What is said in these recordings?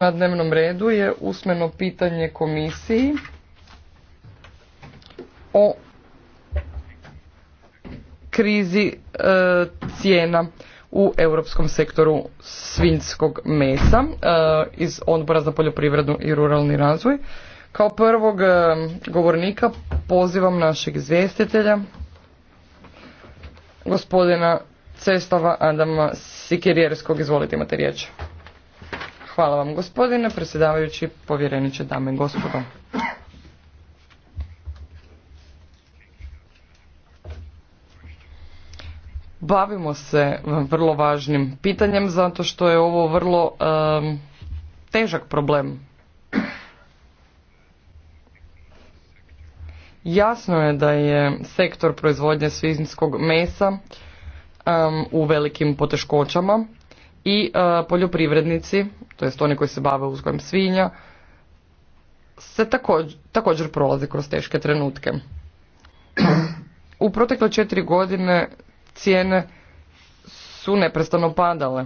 Na dnevnom redu je usmeno pitanje komisiji o krizi e, cijena u europskom sektoru svinjskog mesa e, iz Odbora za poljoprivredu i ruralni razvoj. Kao prvog e, govornika pozivam našeg izvjestitelja, gospodina Cestava Adama Sikirijerskog. Izvolite, imate riječ. Hvala vam gospodine predsjedavajući, povjereniče dame i gospodo. Bavimo se vrlo važnim pitanjem zato što je ovo vrlo težak problem. Jasno je da je sektor proizvodnje svinjskog mesa u velikim poteškoćama i e, poljoprivrednici, to jest oni koji se bave uzgojem svinja, se također, također prolaze kroz teške trenutke. U protekle četiri godine cijene su neprestano padale.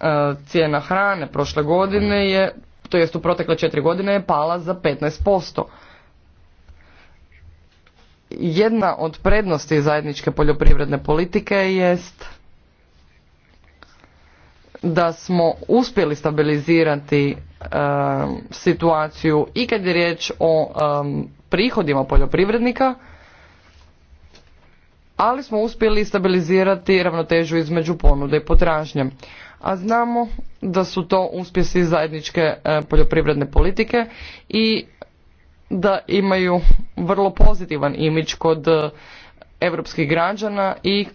E, cijena hrane prošle godine je, to jest u protekle četiri godine je pala za 15% jedna od prednosti zajedničke poljoprivredne politike jest da smo uspjeli stabilizirati e, situaciju i kad je riječ o e, prihodima poljoprivrednika, ali smo uspjeli stabilizirati ravnotežu između ponude i potražnje. A znamo da su to uspjesi zajedničke e, poljoprivredne politike i da imaju vrlo pozitivan imidž kod europskih građana i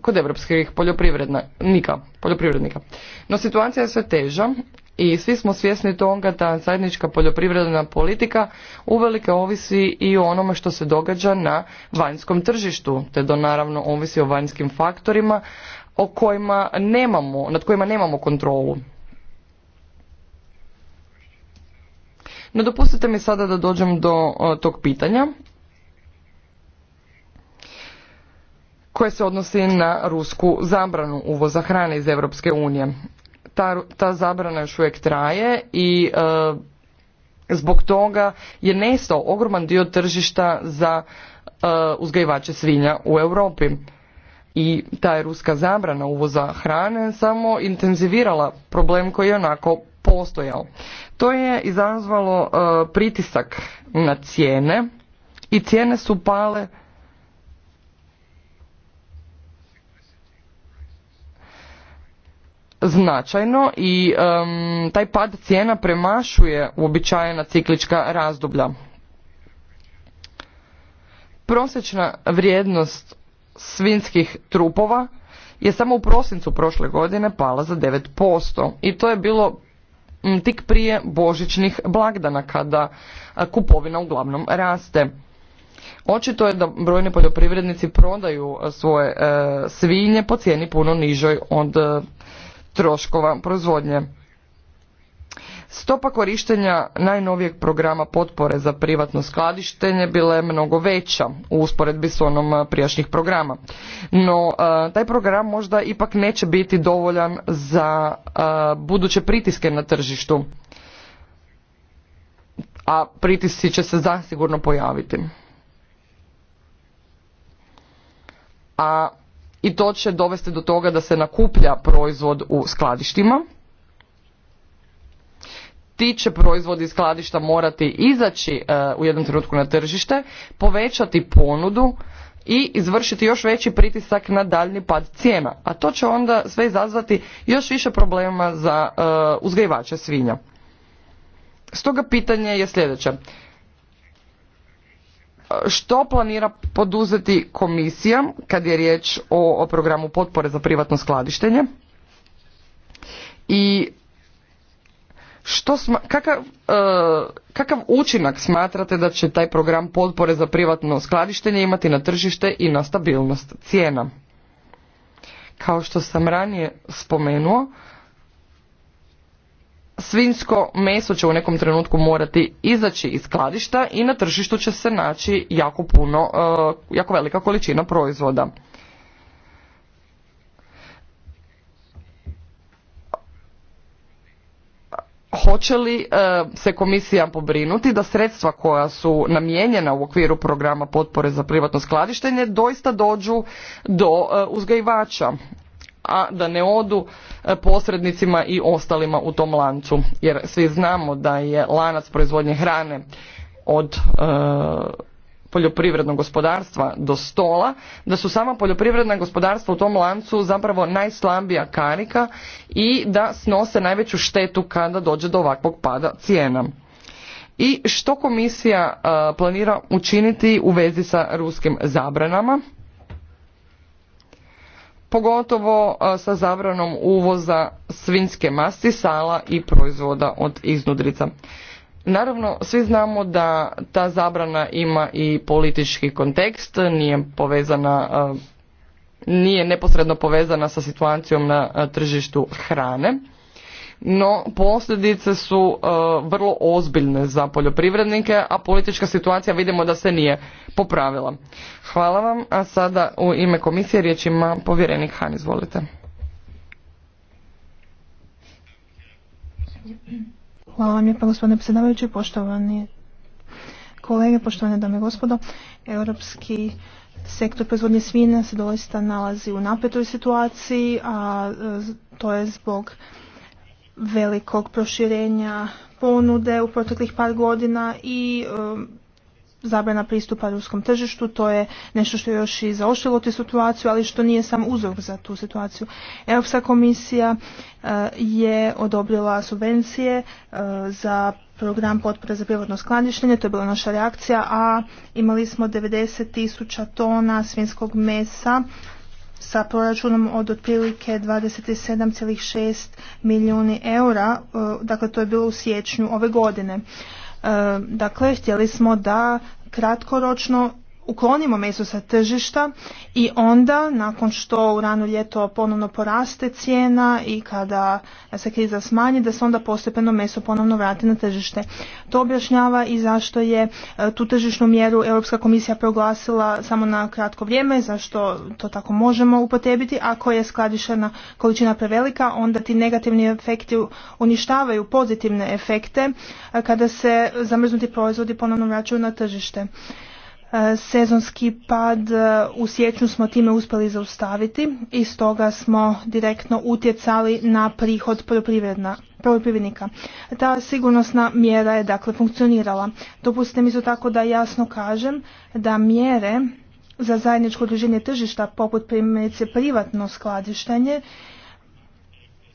kod europskih poljoprivrednika, poljoprivrednika. No situacija je sve teža i svi smo svjesni toga da zajednička poljoprivredna politika uvelike ovisi i o onome što se događa na vanjskom tržištu, te do naravno ovisi o vanjskim faktorima o kojima nemamo, nad kojima nemamo kontrolu. No dopustite mi sada da dođem do tog pitanja koje se odnosi na rusku zabranu uvoza hrane iz Europske unije. Ta, ta zabrana još uvijek traje i e, zbog toga je nestao ogroman dio tržišta za e, uzgajivače svinja u Europi. I ta je ruska zabrana uvoza hrane samo intenzivirala problem koji je onako postojao. To je izazvalo e, pritisak na cijene i cijene su pale značajno i taj pad cijena premašuje uobičajena ciklička razdoblja. Prosječna vrijednost svinskih trupova je samo u prosincu prošle godine pala za 9% i to je bilo tik prije božićnih blagdana kada kupovina uglavnom raste. Očito je da brojni poljoprivrednici prodaju svoje e, svinje po cijeni puno nižoj od e, troškova proizvodnje. Stopa korištenja najnovijeg programa potpore za privatno skladištenje bila je mnogo veća u usporedbi s onom prijašnjih programa. No, taj program možda ipak neće biti dovoljan za buduće pritiske na tržištu, a pritisci će se zasigurno pojaviti. A i to će dovesti do toga da se nakuplja proizvod u skladištima ti će proizvodi iz skladišta morati izaći e, u jednom trenutku na tržište, povećati ponudu i izvršiti još veći pritisak na daljni pad cijena. A to će onda sve izazvati još više problema za e, uzgajivače svinja. Stoga pitanje je sljedeće. Što planira poduzeti komisija kad je riječ o, o programu potpore za privatno skladištenje? I što sma, kakav, e, kakav učinak smatrate da će taj program potpore za privatno skladištenje imati na tržište i na stabilnost cijena? Kao što sam ranije spomenuo, svinsko meso će u nekom trenutku morati izaći iz skladišta i na tržištu će se naći jako puno, e, jako velika količina proizvoda. hoće li e, se komisija pobrinuti da sredstva koja su namijenjena u okviru programa potpore za privatno skladištenje doista dođu do e, uzgajivača a da ne odu e, posrednicima i ostalima u tom lancu jer svi znamo da je lanac proizvodnje hrane od poljoprivrednog gospodarstva do stola, da su sama poljoprivredna gospodarstva u tom lancu zapravo najslabija karika i da snose najveću štetu kada dođe do ovakvog pada cijena. I što komisija e, planira učiniti u vezi sa ruskim zabranama? pogotovo e, sa zabranom uvoza svinske masti, sala i proizvoda od iznudrica. Naravno, svi znamo da ta zabrana ima i politički kontekst, nije povezana, e, nije neposredno povezana sa situacijom na e, tržištu hrane, no posljedice su e, vrlo ozbiljne za poljoprivrednike, a politička situacija vidimo da se nije popravila. Hvala vam, a sada u ime komisije riječ ima povjerenik Han, izvolite. Hvala vam lijepa gospodine predsjedavajući, poštovani kolege, poštovane dame i gospodo. Europski sektor proizvodnje svina se doista nalazi u napetoj situaciji, a e, to je zbog velikog proširenja ponude u proteklih par godina i e, zabrana pristupa ruskom tržištu, to je nešto što je još i zaoštilo tu situaciju, ali što nije sam uzrok za tu situaciju. Europska komisija e, je odobrila subvencije e, za program potpore za privatno skladištenje, to je bila naša reakcija, a imali smo 90 tisuća tona svinskog mesa sa proračunom od otprilike 27,6 milijuni eura, e, dakle to je bilo u siječnju ove godine. Dakle, htjeli smo da kratkoročno uklonimo meso sa tržišta i onda nakon što u rano ljeto ponovno poraste cijena i kada se kriza smanji da se onda postepeno meso ponovno vrati na tržište. To objašnjava i zašto je e, tu tržišnu mjeru Europska komisija proglasila samo na kratko vrijeme, zašto to tako možemo upotrebiti. Ako je skladišena količina prevelika, onda ti negativni efekti uništavaju pozitivne efekte e, kada se zamrznuti proizvodi ponovno vraćaju na tržište. E, sezonski pad e, u siječnju smo time uspjeli zaustaviti i stoga smo direktno utjecali na prihod poljoprivrednika. Ta sigurnosna mjera je dakle funkcionirala. Dopustite mi isto tako da jasno kažem da mjere za zajedničko određenje tržišta poput primjerice privatno skladištenje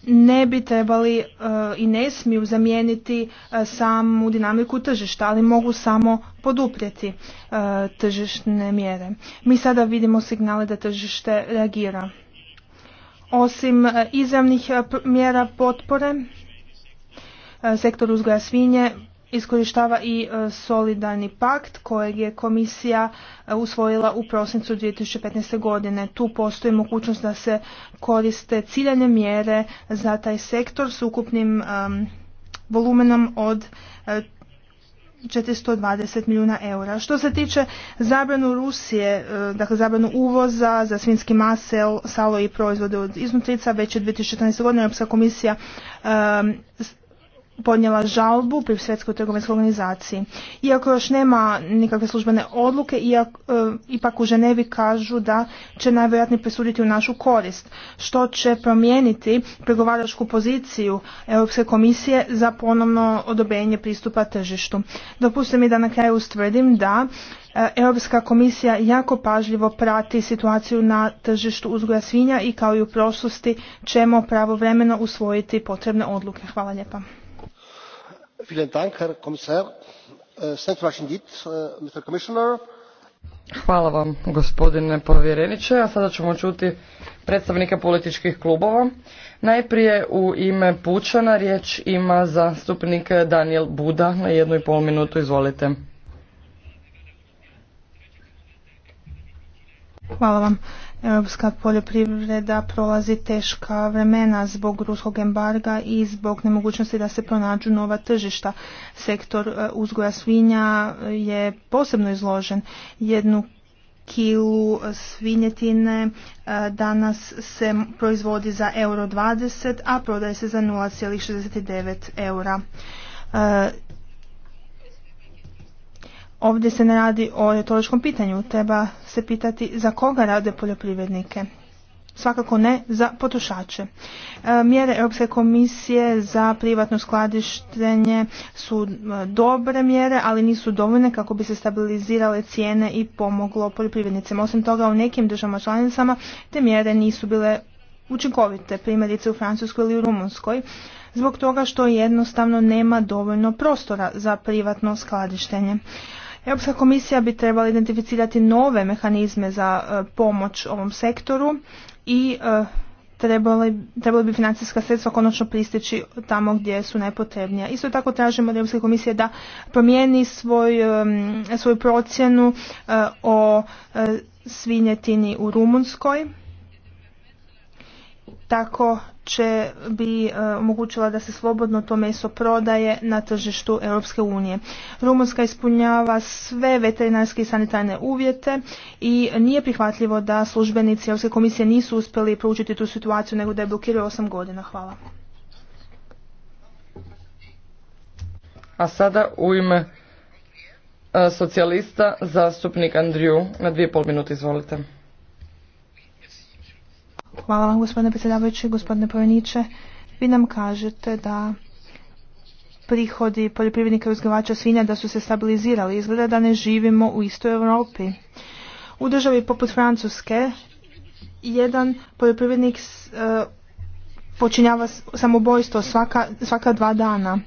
ne bi trebali e, i ne smiju zamijeniti e, samu dinamiku tržišta, ali mogu samo poduprijeti e, tržišne mjere. Mi sada vidimo signale da tržište reagira. Osim izravnih mjera potpore, sektor uzgoja svinje iskorištava i e, solidarni pakt kojeg je komisija e, usvojila u prosincu 2015. godine. Tu postoji mogućnost da se koriste ciljane mjere za taj sektor s ukupnim volumenom od 420 e, milijuna eura. Što se tiče zabranu Rusije, dakle zabranu uvoza za svinski masel, salo i proizvode od iznutrica, već je 2014. godine Europska komisija podnijela žalbu pri Svjetskoj trgovinskoj organizaciji. Iako još nema nikakve službene odluke, iako, e, ipak u Ženevi kažu da će najvjerojatnije presuditi u našu korist, što će promijeniti pregovaračku poziciju Europske komisije za ponovno odobrenje pristupa tržištu. Dopustite mi da na kraju ustvrdim da e, Europska komisija jako pažljivo prati situaciju na tržištu uzgoja svinja i kao i u prošlosti ćemo pravovremeno usvojiti potrebne odluke. Hvala lijepa. Äh, äh, Hvala vam gospodine povjereniče. A sada ćemo čuti predstavnika političkih klubova. Najprije u ime Pučana riječ ima zastupnik Daniel Buda na jednu i pol minutu. Izvolite. Hvala Europska poljoprivreda prolazi teška vremena zbog ruskog embarga i zbog nemogućnosti da se pronađu nova tržišta. Sektor e, uzgoja svinja e, je posebno izložen. Jednu kilu e, svinjetine danas se proizvodi za euro 20, a prodaje se za 0,69 eura. Ovdje se ne radi o retoričkom pitanju, treba se pitati za koga rade poljoprivrednike. Svakako ne za potrošače. E, mjere Europske komisije za privatno skladištenje su e, dobre mjere, ali nisu dovoljne kako bi se stabilizirale cijene i pomoglo poljoprivrednicima. Osim toga, u nekim državama članicama te mjere nisu bile učinkovite, primjerice u Francuskoj ili u Rumunskoj, zbog toga što jednostavno nema dovoljno prostora za privatno skladištenje. Europska komisija bi trebala identificirati nove mehanizme za e, pomoć ovom sektoru i e, trebali bi financijska sredstva konačno pristići tamo gdje su najpotrebnija. Isto tako tražimo od Europske komisije da promijeni svoj, e, svoju procjenu o svinjetini u Rumunskoj tako će bi e, omogućila da se slobodno to meso prodaje na tržištu Europske unije. Rumunska ispunjava sve veterinarske i sanitarne uvjete i nije prihvatljivo da službenici Europske komisije nisu uspjeli proučiti tu situaciju nego da je blokiraju 8 godina. Hvala. A sada u ime e, socijalista zastupnik Andriju na dvije pol minute izvolite. Hvala vam gospodine predsjedavajući, gospodine Poveniče. Vi nam kažete da prihodi poljoprivrednika i uzgajivača svinja da su se stabilizirali. Izgleda da ne živimo u istoj Europi. U državi poput Francuske jedan poljoprivrednik e, počinjava samobojstvo svaka, svaka dva dana.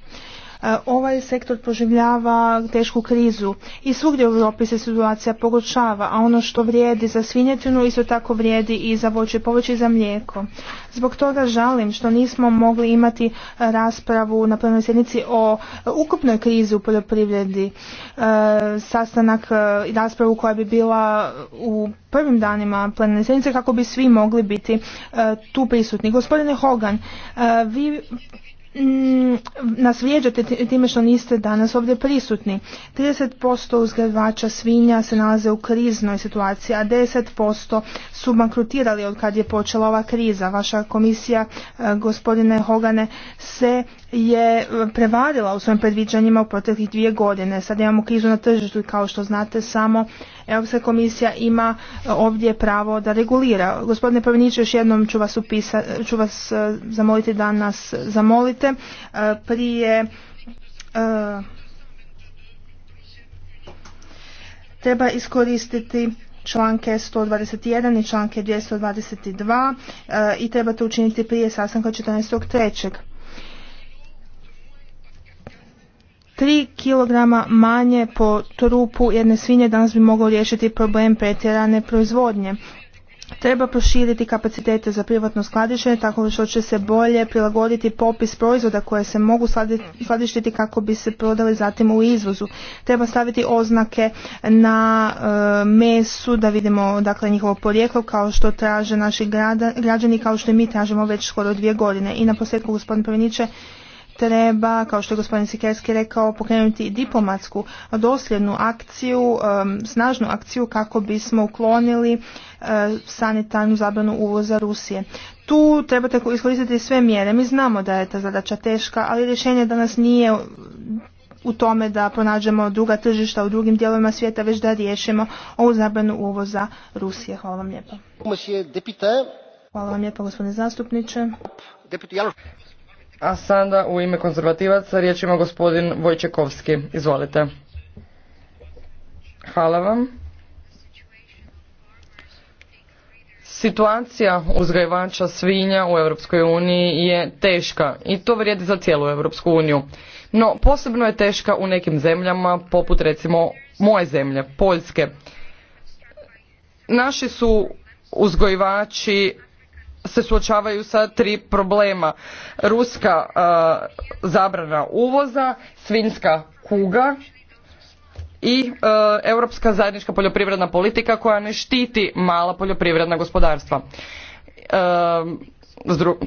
E, ovaj sektor proživljava tešku krizu i svugdje u Europi se situacija pogoršava, a ono što vrijedi za svinjetinu isto tako vrijedi i za voće, povrće i za mlijeko. Zbog toga žalim što nismo mogli imati raspravu na plenoj sjednici o ukupnoj krizi u poljoprivredi, e, sastanak e, i raspravu koja bi bila u prvim danima plenarne sjednice kako bi svi mogli biti tu prisutni. Gospodine Hogan, vi Mm, nas vrijeđate time što niste danas ovdje prisutni. 30% uzgajivača svinja se nalaze u kriznoj situaciji, a 10% su bankrutirali od kad je počela ova kriza. Vaša komisija, e, gospodine Hogane, se je prevarila u svojim predviđanjima u proteklih dvije godine. Sad imamo krizu na tržištu i kao što znate samo Europska komisija ima e, ovdje pravo da regulira. Gospodine Prveniće, još jednom ću vas, vas e, zamoliti da nas zamolite. E, prije treba iskoristiti članke 121 i članke 222 i treba to učiniti prije sastanka 14.3. 3 kg manje po trupu jedne svinje danas bi mogao riješiti problem pretjerane proizvodnje. Treba proširiti kapacitete za privatno skladištenje tako što će se bolje prilagoditi popis proizvoda koje se mogu skladištiti kako bi se prodali zatim u izvozu. Treba staviti oznake na e, mesu da vidimo dakle njihovo porijeklo kao što traže naši građani kao što i mi tražimo već skoro dvije godine. I na posljedku gospodin treba, kao što je gospodin Sikerski rekao, pokrenuti diplomatsku dosljednu akciju, snažnu akciju kako bismo uklonili eh, sanitarnu zabranu uvoza Rusije. Tu trebate iskoristiti sve mjere. Mi znamo da je ta zadaća teška, ali rješenje danas nije u tome da pronađemo druga tržišta u drugim dijelovima svijeta, već da riješimo ovu zabranu uvoza Rusije. Hvala vam lijepo. Hvala vam gospodine zastupniče. A sada u ime konzervativaca riječ ima gospodin Vojčekovski. Izvolite. Hvala vam. Situacija uzgajivača svinja u Europskoj uniji je teška i to vrijedi za cijelu Europsku uniju. No posebno je teška u nekim zemljama poput recimo moje zemlje, Poljske. Naši su uzgojivači se suočavaju sa tri problema. Ruska zabrana uvoza, svinjska kuga i europska zajednička poljoprivredna politika koja ne štiti mala poljoprivredna gospodarstva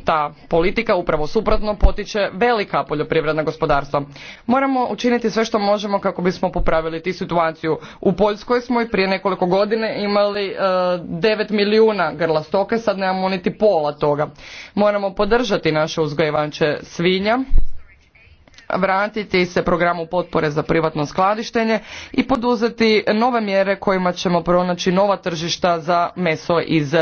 ta politika upravo suprotno potiče velika poljoprivredna gospodarstva. Moramo učiniti sve što možemo kako bismo popravili tu situaciju. U Poljskoj smo i prije nekoliko godine imali e, devet 9 milijuna grla stoke, sad nemamo niti pola toga. Moramo podržati naše uzgajivače svinja, vratiti se programu potpore za privatno skladištenje i poduzeti nove mjere kojima ćemo pronaći nova tržišta za meso iz e,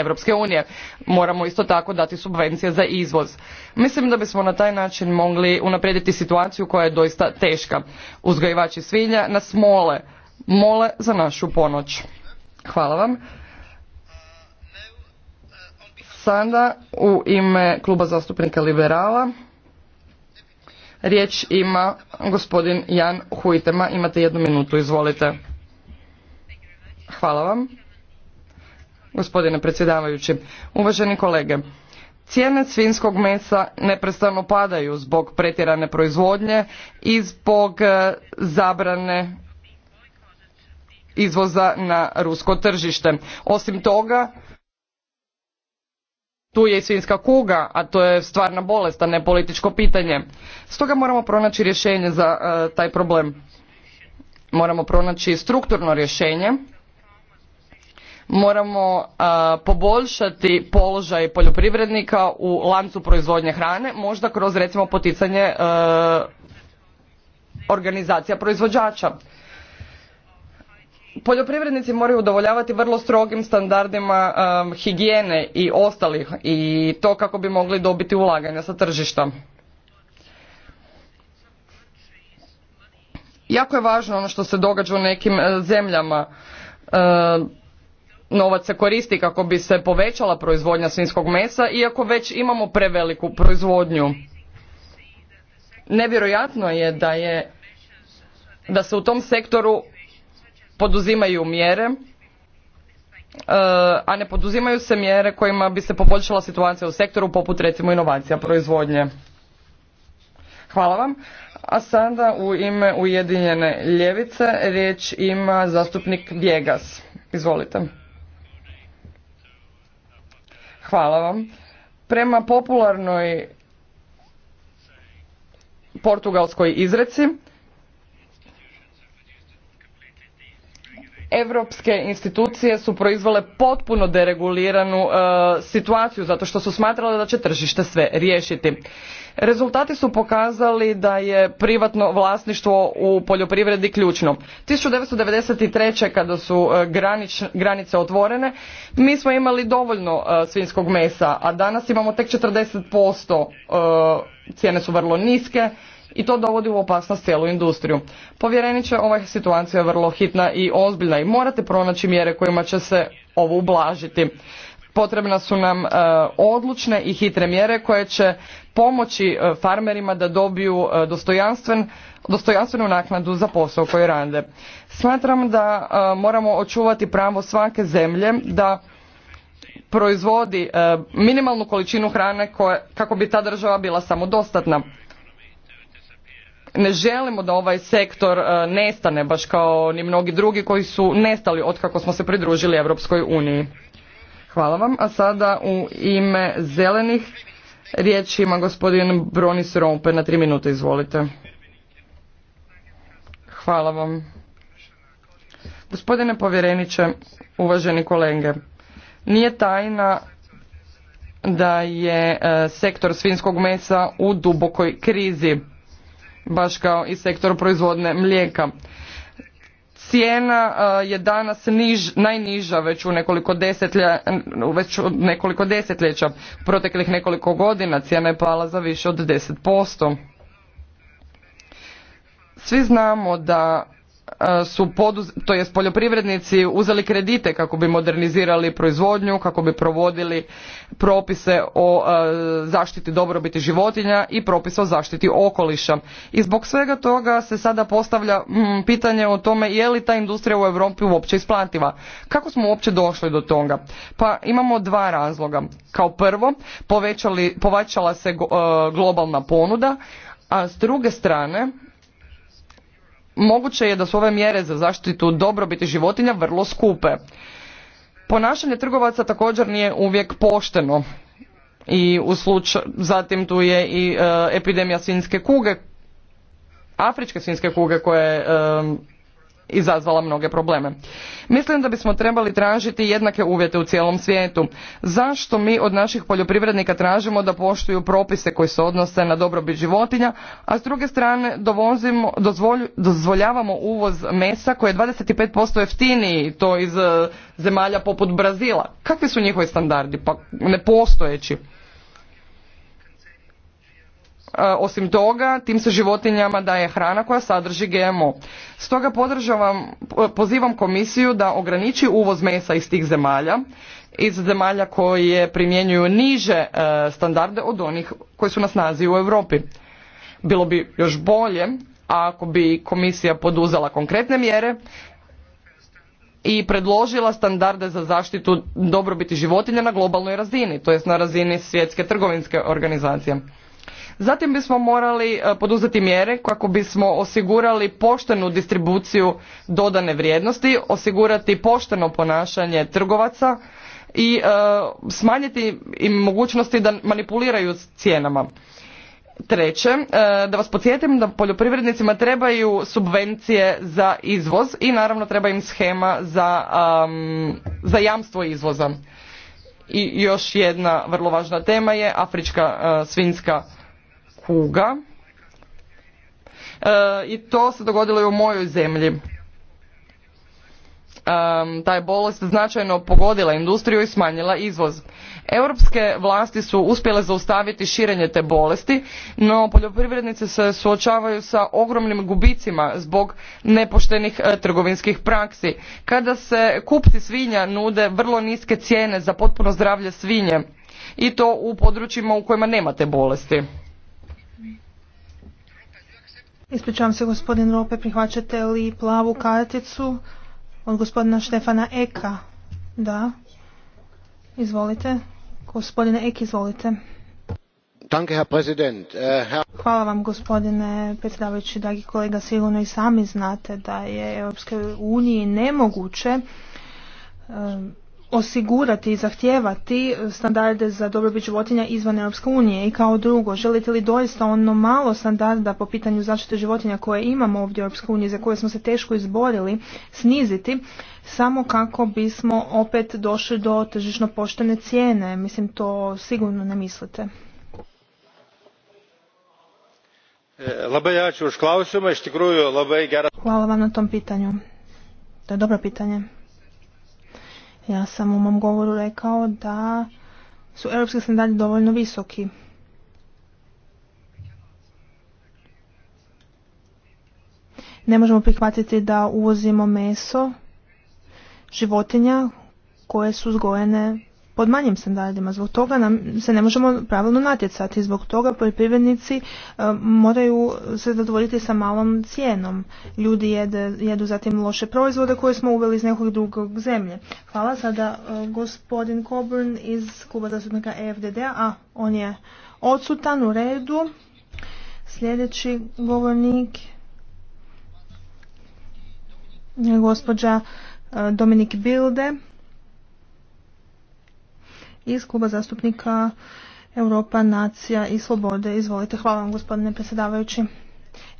Europske unije. Moramo isto tako dati subvencije za izvoz. Mislim da bismo na taj način mogli unaprijediti situaciju koja je doista teška. Uzgajivači svinja nas mole, mole za našu ponoć. Hvala vam. Sada u ime kluba zastupnika Liberala riječ ima gospodin Jan Hujtema. Imate jednu minutu, izvolite. Hvala vam gospodine predsjedavajući. Uvaženi kolege, cijene svinjskog mesa neprestano padaju zbog pretjerane proizvodnje i zbog e, zabrane izvoza na rusko tržište. Osim toga, tu je i svinjska kuga, a to je stvarna bolest, a ne političko pitanje. Stoga moramo pronaći rješenje za e, taj problem. Moramo pronaći strukturno rješenje moramo poboljšati položaj poljoprivrednika u lancu proizvodnje hrane možda kroz recimo poticanje organizacija proizvođača poljoprivrednici moraju udovoljavati vrlo strogim standardima higijene i ostalih i to kako bi mogli dobiti ulaganja sa tržišta jako je važno ono što se događa u nekim e, zemljama e, novac se koristi kako bi se povećala proizvodnja svinjskog mesa iako već imamo preveliku proizvodnju nevjerojatno je da je da se u tom sektoru poduzimaju mjere e, a ne poduzimaju se mjere kojima bi se poboljšala situacija u sektoru poput recimo inovacija proizvodnje hvala vam a sada u ime ujedinjene ljevice riječ ima zastupnik Vjegas. Izvolite. Hvala vam. Prema popularnoj portugalskoj izreci, europske institucije su proizvele potpuno dereguliranu e, situaciju zato što su smatrale da će tržište sve riješiti rezultati su pokazali da je privatno vlasništvo u poljoprivredi ključno 1993. kada su e, granice otvorene mi smo imali dovoljno e, svinjskog mesa a danas imamo tek 40% cijene su vrlo niske i to dovodi u opasnost cijelu industriju. Povjereniče, ova situacija je vrlo hitna i ozbiljna i morate pronaći mjere kojima će se ovo ublažiti. Potrebna su nam e, odlučne i hitre mjere koje će pomoći e, farmerima da dobiju e, dostojanstven, dostojanstvenu naknadu za posao koji rande. Smatram da moramo očuvati pravo svake zemlje da proizvodi minimalnu količinu hrane kako bi ta država bila samodostatna ne želimo da ovaj sektor e, nestane baš kao ni mnogi drugi koji su nestali od kako smo se pridružili Europskoj uniji. Hvala vam. A sada u ime zelenih riječ ima gospodin Bronis Rompe na tri minute. Izvolite. Hvala vam. Gospodine povjereniče, uvaženi kolege, nije tajna da je e, sektor svinskog mesa u dubokoj krizi baš kao i sektor proizvodne mlijeka. Cijena e, je danas niž, najniža već u nekoliko, desetlja, već u nekoliko desetljeća. Proteklih nekoliko godina cijena je pala za više od 10%. Svi znamo da su poduz, to jest poljoprivrednici uzeli kredite kako bi modernizirali proizvodnju, kako bi provodili propise o zaštiti dobrobiti životinja i propise o zaštiti okoliša. I zbog svega toga se sada postavlja mm, pitanje o tome je li ta industrija u Europi uopće isplativa. Kako smo uopće došli do toga? Pa imamo dva razloga. Kao prvo, povećala se globalna ponuda, a s druge strane moguće je da su ove mjere za zaštitu dobrobiti životinja vrlo skupe. Ponašanje trgovaca također nije uvijek pošteno. I u slučaju, zatim tu je i e, epidemija svinske kuge, afričke svinske kuge koja je e, izazvala mnoge probleme. Mislim da bismo trebali tražiti jednake uvjete u cijelom svijetu. Zašto mi od naših poljoprivrednika tražimo da poštuju propise koji se odnose na dobrobit životinja, a s druge strane dovozimo, dozvoljavamo uvoz mesa koje je 25% jeftiniji to iz eh, zemalja poput Brazila. Kakvi su njihovi standardi? Pa nepostojeći. E, osim toga, tim se životinjama daje hrana koja sadrži GMO. Stoga pozivam komisiju da ograniči uvoz mesa iz tih zemalja, iz zemalja koje primjenjuju niže e, standarde od onih koji su na snazi u Europi. Bilo bi još bolje ako bi komisija poduzela konkretne mjere i predložila standarde za zaštitu dobrobiti životinja na globalnoj razini, to jest na razini svjetske trgovinske organizacije. Zatim bismo morali e, poduzeti mjere kako bismo osigurali poštenu distribuciju dodane vrijednosti, osigurati pošteno ponašanje trgovaca i e, smanjiti im mogućnosti da manipuliraju cijenama. Treće, e, da vas podsjetim da poljoprivrednicima trebaju subvencije za izvoz i naravno treba im schema za, jamstvo izvoza. I još jedna vrlo važna tema je afrička uh, svinska kuga e, i to se dogodilo i u mojoj zemlji. Um, e, ta bolest značajno pogodila industriju i smanjila izvoz. Europske vlasti su uspjele zaustaviti širenje te bolesti, no poljoprivrednici se suočavaju sa ogromnim gubicima zbog nepoštenih e, trgovinskih praksi. Kada se kupci svinja nude vrlo niske cijene za potpuno zdravlje svinje i to u područjima u kojima nema te bolesti. Ispričavam se gospodin Rope, prihvaćate li plavu karticu od gospodina Štefana Eka? Da. Izvolite. Gospodine Ek, izvolite. Äh, Hvala vam gospodine predsjedavajući, dragi kolega, sigurno i sami znate da je Europske uniji nemoguće osigurati i zahtijevati standarde za dobrobit životinja izvan Europske unije i kao drugo, želite li doista ono malo standarda po pitanju zaštite životinja koje imamo ovdje u Europskoj uniji za koje smo se teško izborili sniziti samo kako bismo opet došli do tržišno poštene cijene mislim to sigurno ne mislite eh, Hvala vam na tom pitanju to je dobro pitanje ja sam u mom govoru rekao da su europski standardi dovoljno visoki. Ne možemo prihvatiti da uvozimo meso životinja koje su zgojene pod manjim standardima. Zbog toga nam se ne možemo pravilno natjecati. Zbog toga poljoprivrednici e, moraju se zadovoljiti sa malom cijenom. Ljudi jedu zatim loše proizvode koje smo uveli iz nekog drugog zemlje. Hvala sada e, gospodin Coburn iz Kluba zastupnika EFDD-a. on je odsutan u redu. Sljedeći govornik je gospođa e, Dominik Bilde iz Kluba zastupnika Europa, Nacija i Slobode. Izvolite. Hvala vam gospodine predsjedavajući.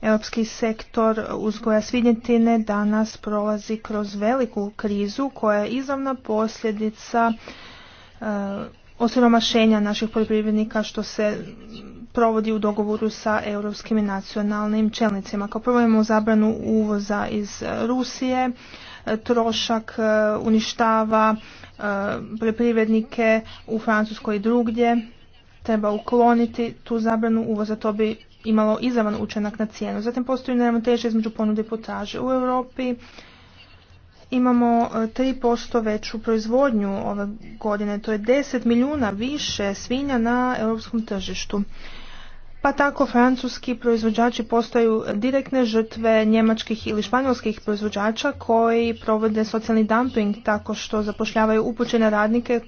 Europski sektor uzgoja svinjetine danas prolazi kroz veliku krizu koja je izravna posljedica eh, osiromašenja naših poljoprivrednika što se provodi u dogovoru sa europskim i nacionalnim čelnicima. Kao prvo imamo zabranu uvoza iz Rusije, trošak e, uništava e, poljoprivrednike u Francuskoj i drugdje. Treba ukloniti tu zabranu uvoza, to bi imalo izavan učenak na cijenu. Zatim postoji neravnoteža između ponude i potraže. U Europi imamo 3% e, veću proizvodnju ove godine, to je 10 milijuna više svinja na europskom tržištu. Pa tako francuski proizvođači postaju direktne žrtve njemačkih ili španjolskih proizvođača koji provode socijalni dumping tako što zapošljavaju upućene radnike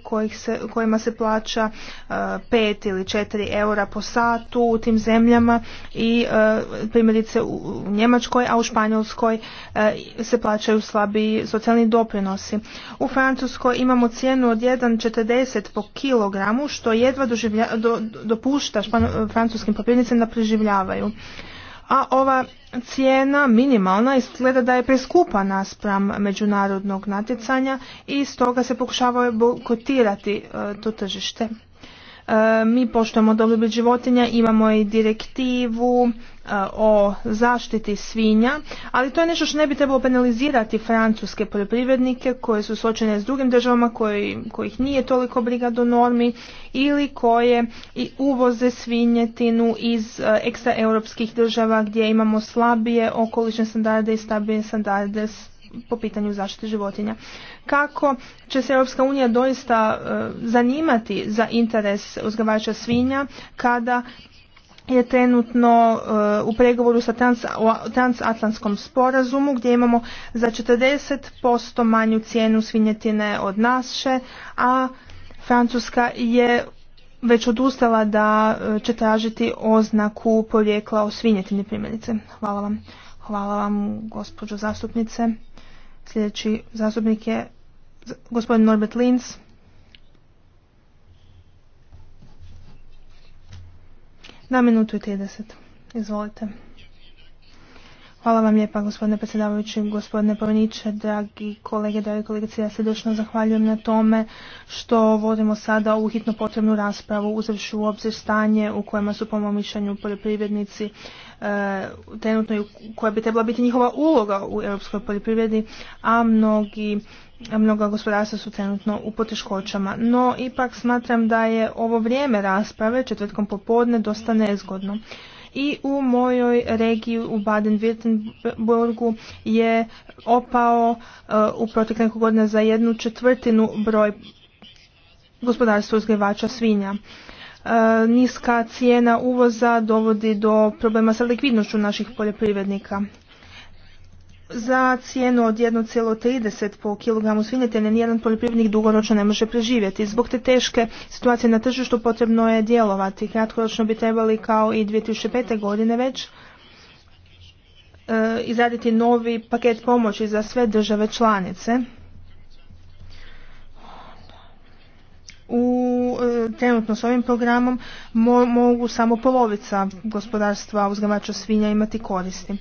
kojima se plaća 5 e, ili 4 eura po satu u tim zemljama i e, primjerice u Njemačkoj, a u Španjolskoj e, se plaćaju slabiji socijalni doprinosi. U Francuskoj imamo cijenu od 1,40 po kilogramu što jedva do, dopušta francuskim papirom se da preživljavaju. A ova cijena minimalna izgleda da je preskupa naspram međunarodnog natjecanja i stoga se pokušavaju kotirati e, to tržište. E, mi poštujemo dobrobit životinja, imamo i direktivu o zaštiti svinja, ali to je nešto što ne bi trebalo penalizirati francuske poljoprivrednike koje su sočene s drugim državama kojih nije toliko briga do normi ili koje i uvoze svinjetinu iz ekstra europskih država gdje imamo slabije okolične standarde i stabilne standarde po pitanju zaštite životinja. Kako će se Europska unija doista zanimati za interes uzgavača svinja kada je trenutno e, u pregovoru sa transatlantskom sporazumu gdje imamo za 40% manju cijenu svinjetine od naše, a Francuska je već odustala da e, će tražiti oznaku porijekla o svinjetini primjerice. Hvala vam. Hvala vam gospođo zastupnice. Sljedeći zastupnik je gospodin Norbert Linz. na minutu i 30. Izvolite. Hvala vam lijepa gospodine predsjedavajući, gospodine Poveniće, dragi kolege, dragi kolegice, ja dužno zahvaljujem na tome što vodimo sada ovu hitno potrebnu raspravu uzevši u obzir stanje u kojima su po mom mišljenju poljoprivrednici e, trenutno i koja bi trebala biti njihova uloga u europskoj poljoprivredi, a mnogi mnoga gospodarstva su trenutno u poteškoćama. No, ipak smatram da je ovo vrijeme rasprave četvrtkom popodne dosta nezgodno i u mojoj regiji u Baden-Württembergu je opao uh, u proteklih nekoliko godina za jednu četvrtinu broj gospodarstva uzgajivača svinja. Uh, niska cijena uvoza dovodi do problema sa likvidnošću naših poljoprivrednika za cijenu od 1,30 po kilogramu svinjetine nijedan poljoprivrednik dugoročno ne može preživjeti. Zbog te teške situacije na tržištu potrebno je djelovati. Kratkoročno bi trebali kao i 2005. godine već e, izraditi novi paket pomoći za sve države članice. u e, trenutno s ovim programom mogu samo polovica gospodarstva uzgavača svinja imati koristi.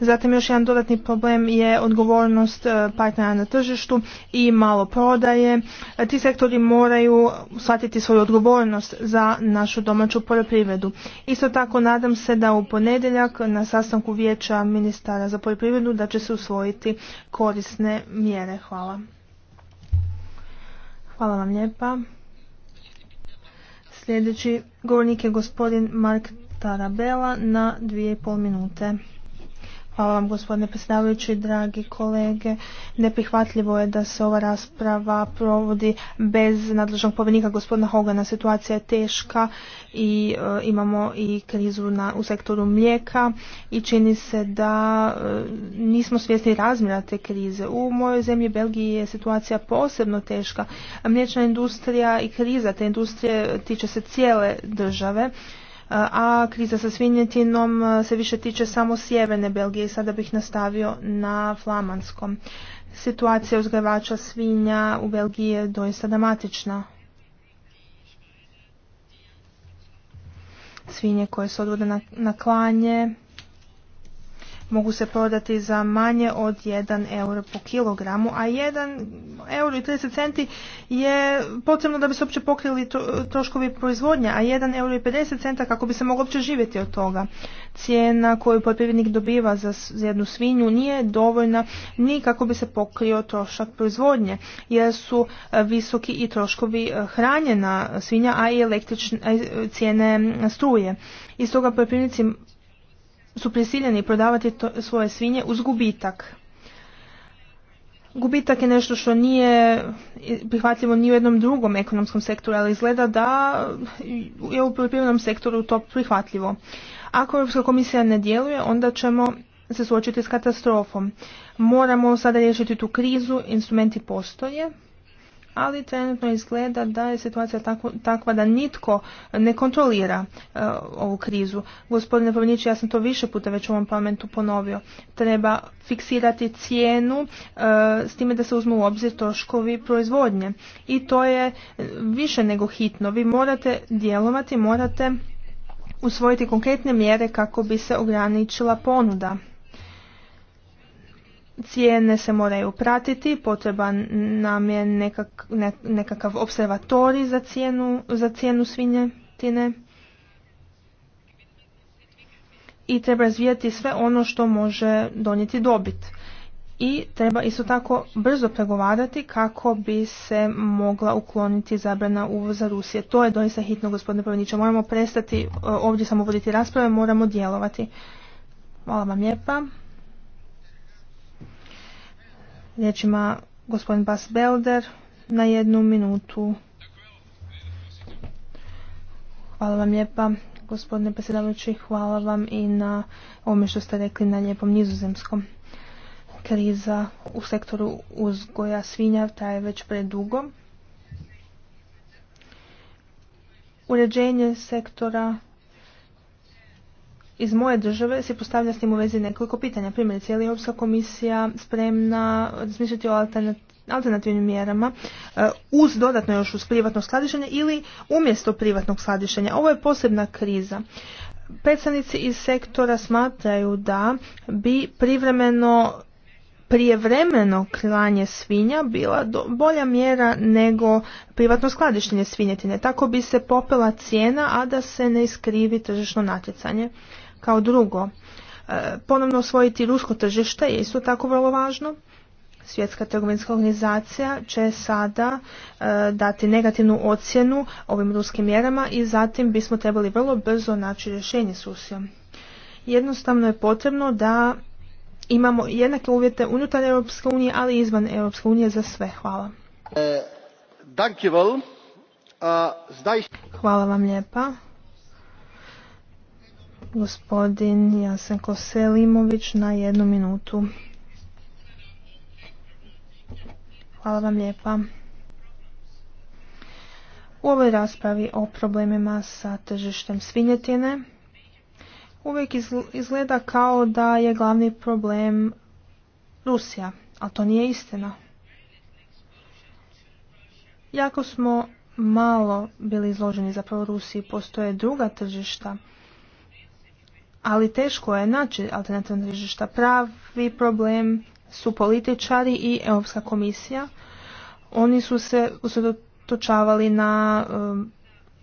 Zatim još jedan dodatni problem je odgovornost e, partnera na tržištu i malo prodaje. E, ti sektori moraju shvatiti svoju odgovornost za našu domaću poljoprivredu. Isto tako nadam se da u ponedjeljak na sastanku vijeća ministara za poljoprivredu da će se usvojiti korisne mjere. Hvala. Hvala vam lijepa. Sljedeći govornik je gospodin Mark Tarabela na dvije i pol minute. Hvala vam gospodine predsjedavajući, dragi kolege. Neprihvatljivo je da se ova rasprava provodi bez nadležnog povjerenika gospodina Hogana. Situacija je teška i e, imamo i krizu u sektoru mlijeka i čini se da e, nismo svjesni razmjera te krize. U mojoj zemlji Belgiji je situacija posebno teška. Mliječna industrija i kriza te industrije tiče se cijele države a kriza sa svinjetinom se više tiče samo sjeverne Belgije i sada bih nastavio na flamanskom. Situacija uzgajivača svinja u Belgiji je doista dramatična. Svinje koje se odvode na klanje mogu se prodati za manje od 1 euro po kilogramu, a 1 euro i 30 centi je potrebno da bi se uopće pokrili troškovi proizvodnje, a 1 euro i 50 centa kako bi se moglo uopće živjeti od toga. Cijena koju poljoprivrednik dobiva za jednu svinju nije dovoljna ni kako bi se pokrio trošak proizvodnje, jer su e, visoki i troškovi e, hranjena svinja, a i električne cijene struje. I toga poljoprivrednici su prisiljeni prodavati to, svoje svinje uz gubitak. Gubitak je nešto što nije prihvatljivo ni u jednom drugom ekonomskom sektoru, ali izgleda da je u poljoprivrednom sektoru to prihvatljivo. Ako Europska komisija ne djeluje, onda ćemo se suočiti s katastrofom. Moramo sada riješiti tu krizu, instrumenti postoje, ali trenutno izgleda da je situacija takva da nitko ne kontrolira e, ovu krizu. Gospodine Pavnić, ja sam to više puta već u ovom parlamentu ponovio. Treba fiksirati cijenu e, s time da se uzmu u obzir troškovi proizvodnje. I to je više nego hitno. Vi morate djelovati, morate usvojiti konkretne mjere kako bi se ograničila ponuda cijene se moraju pratiti, potreban nam je nekakav observatori za cijenu, za cijenu svinjetine i treba razvijati sve ono što može donijeti dobit. I treba isto tako brzo pregovarati kako bi se mogla ukloniti zabrana uvoza Rusije. To je doista hitno, gospodine Pavniće. Moramo prestati e, ovdje samo voditi rasprave, moramo djelovati. Hvala vam lijepa. Riječ ima gospodin Bas Belder na jednu minutu. Hvala vam lijepa, gospodine predsjedavajući. Hvala vam i na ovome što ste rekli na lijepom nizozemskom. Kriza u sektoru uzgoja svinja traje već predugo. Uređenje sektora iz moje države se postavlja s tim u vezi nekoliko pitanja. Primjerice, je li Europska komisija spremna razmišljati o alternativnim mjerama e, uz dodatno još uz privatno skladištenje ili umjesto privatnog skladištenja? Ovo je posebna kriza. Predstavnici iz sektora smatraju da bi privremeno prijevremeno klanje svinja bila bolja mjera nego privatno skladištenje svinjetine. Tako bi se popela cijena, a da se ne iskrivi tržišno natjecanje. Kao drugo, e, ponovno osvojiti rusko tržište je isto tako vrlo važno. Svjetska trgovinska organizacija će sada e, dati negativnu ocjenu ovim ruskim mjerama i zatim bismo trebali vrlo brzo naći rješenje s Rusijom. Jednostavno je potrebno da imamo jednake uvjete unutar Europske unije, ali i izvan Europske unije za sve. Hvala. E, Hvala vam lijepa. Gospodin Jasenko Selimović na jednu minutu. Hvala vam lijepa. U ovoj raspravi o problemima sa tržištem svinjetine uvijek izgleda kao da je glavni problem Rusija, ali to nije istina. Jako smo malo bili izloženi zapravo Rusiji, postoje druga tržišta ali teško je naći alternativno tržišta. Pravi problem su političari i Europska komisija. Oni su se usredotočavali na um,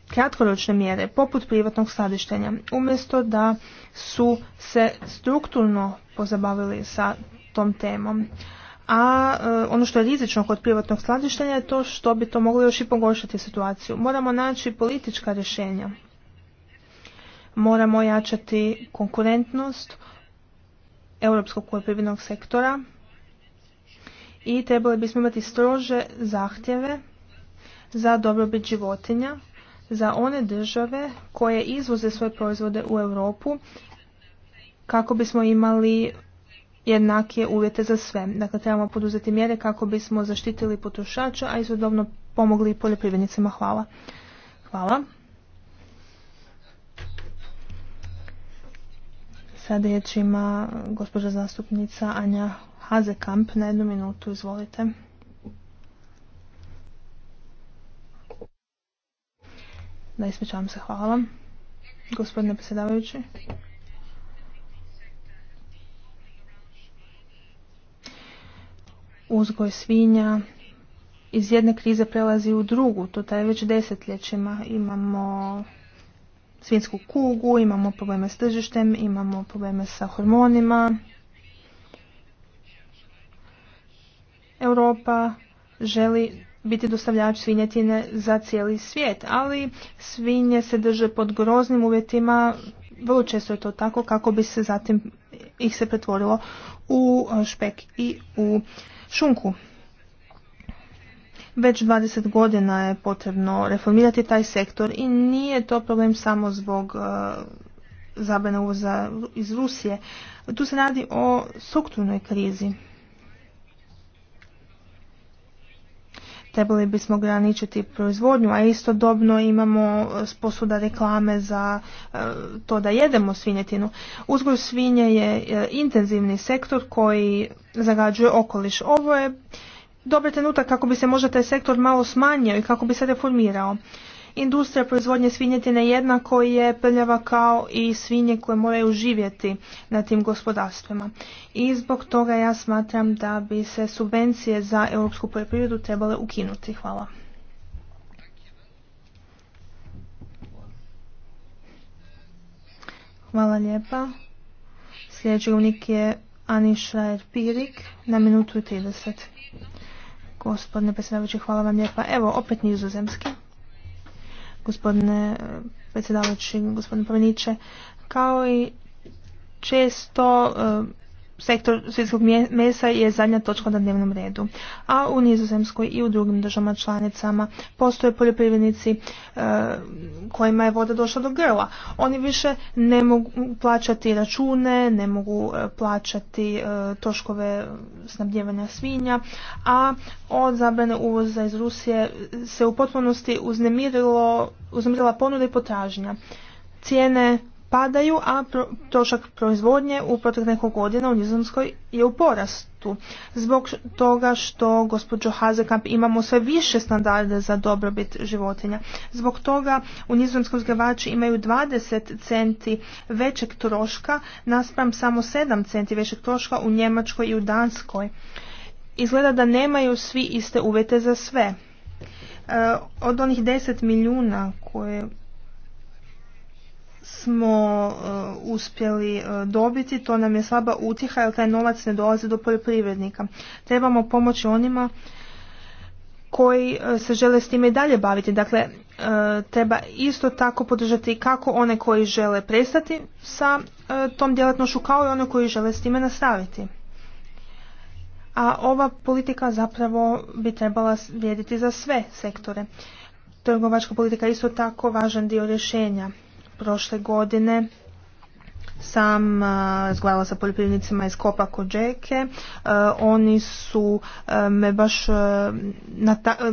kratkoročne mjere, poput privatnog skladištenja, umjesto da su se strukturno pozabavili sa tom temom. A uh, ono što je rizično kod privatnog skladištenja je to što bi to moglo još i pogoršati situaciju. Moramo naći politička rješenja. Moramo jačati konkurentnost europskog poljoprivrednog sektora i trebali bismo imati strože zahtjeve za dobrobit životinja za one države koje izvoze svoje proizvode u Europu kako bismo imali jednakije uvjete za sve. Dakle, trebamo poduzeti mjere kako bismo zaštitili potrošača, a izvodobno pomogli poljoprivrednicima. Hvala. Hvala. Sada je gospođa zastupnica Anja Hazekamp na jednu minutu, izvolite. Da, ispričavam se, hvala Gospodine predsjedavajući. Uzgoj svinja iz jedne krize prelazi u drugu, to je već desetljećima. Imamo svinsku kugu, imamo probleme s tržištem, imamo probleme sa hormonima. Europa želi biti dostavljač svinjetine za cijeli svijet, ali svinje se drže pod groznim uvjetima, vrlo često je to tako kako bi se zatim ih se pretvorilo u špek i u šunku. Već 20 godina je potrebno reformirati taj sektor i nije to problem samo zbog uh, zabrane uvoza iz Rusije. Tu se radi o strukturnoj krizi. trebali bismo ograničiti proizvodnju, a istodobno imamo e, sposuda reklame za e, to da jedemo svinjetinu. Uzgoj svinje je intenzivni sektor koji zagađuje okoliš. Ovo je dobar trenutak kako bi se možda taj sektor malo smanjio i kako bi se reformirao. Industrija proizvodnje svinjetine jednako je prljava kao i svinje koje moraju živjeti na tim gospodarstvima. I zbog toga ja smatram da bi se subvencije za europsku poljoprivredu trebale ukinuti. Hvala. Hvala lijepa. Sljedeći unik je Ani pirik na minutu i 30. Gospodine predsjedavajući, hvala vam lijepa. Evo, opet nizozemski. Gospodine eh, predsjedavajući, gospodine Pavniće, kao i često eh, sektor svjetskog mesa je zadnja točka na dnevnom redu. A u Nizozemskoj i u drugim državama članicama postoje poljoprivrednici e, kojima je voda došla do grla. Oni više ne mogu plaćati račune, ne mogu e, plaćati e, troškove toškove snabdjevanja svinja, a od zabrane uvoza iz Rusije se u potpunosti uznemirila ponuda i potražnja. Cijene padaju, a trošak proizvodnje u proteklih godina u Nizozemskoj je u porastu. Zbog toga što gospođo Hazekamp imamo sve više standarde za dobrobit životinja. Zbog toga u Nizozemskoj uzgavači imaju 20 centi većeg troška naspram samo 7 centi većeg troška u Njemačkoj i u Danskoj. Izgleda da nemaju svi iste uvjete za sve. E, od onih 10 milijuna koje smo e, uspjeli e, dobiti, to nam je slaba utiha jer taj novac ne dolazi do poljoprivrednika. Trebamo pomoći onima koji e, se žele s time i dalje baviti. Dakle, treba isto tako podržati kako one koji žele prestati sa tom djelatnošću kao i one koji žele s time nastaviti. A ova politika zapravo bi trebala vrijediti za sve sektore. Trgovačka politika je isto tako važan dio rješenja prošle godine sam uh, razgovarala sa poljoprivrednicima iz Kopa Kođeke. Uh, oni su uh, me baš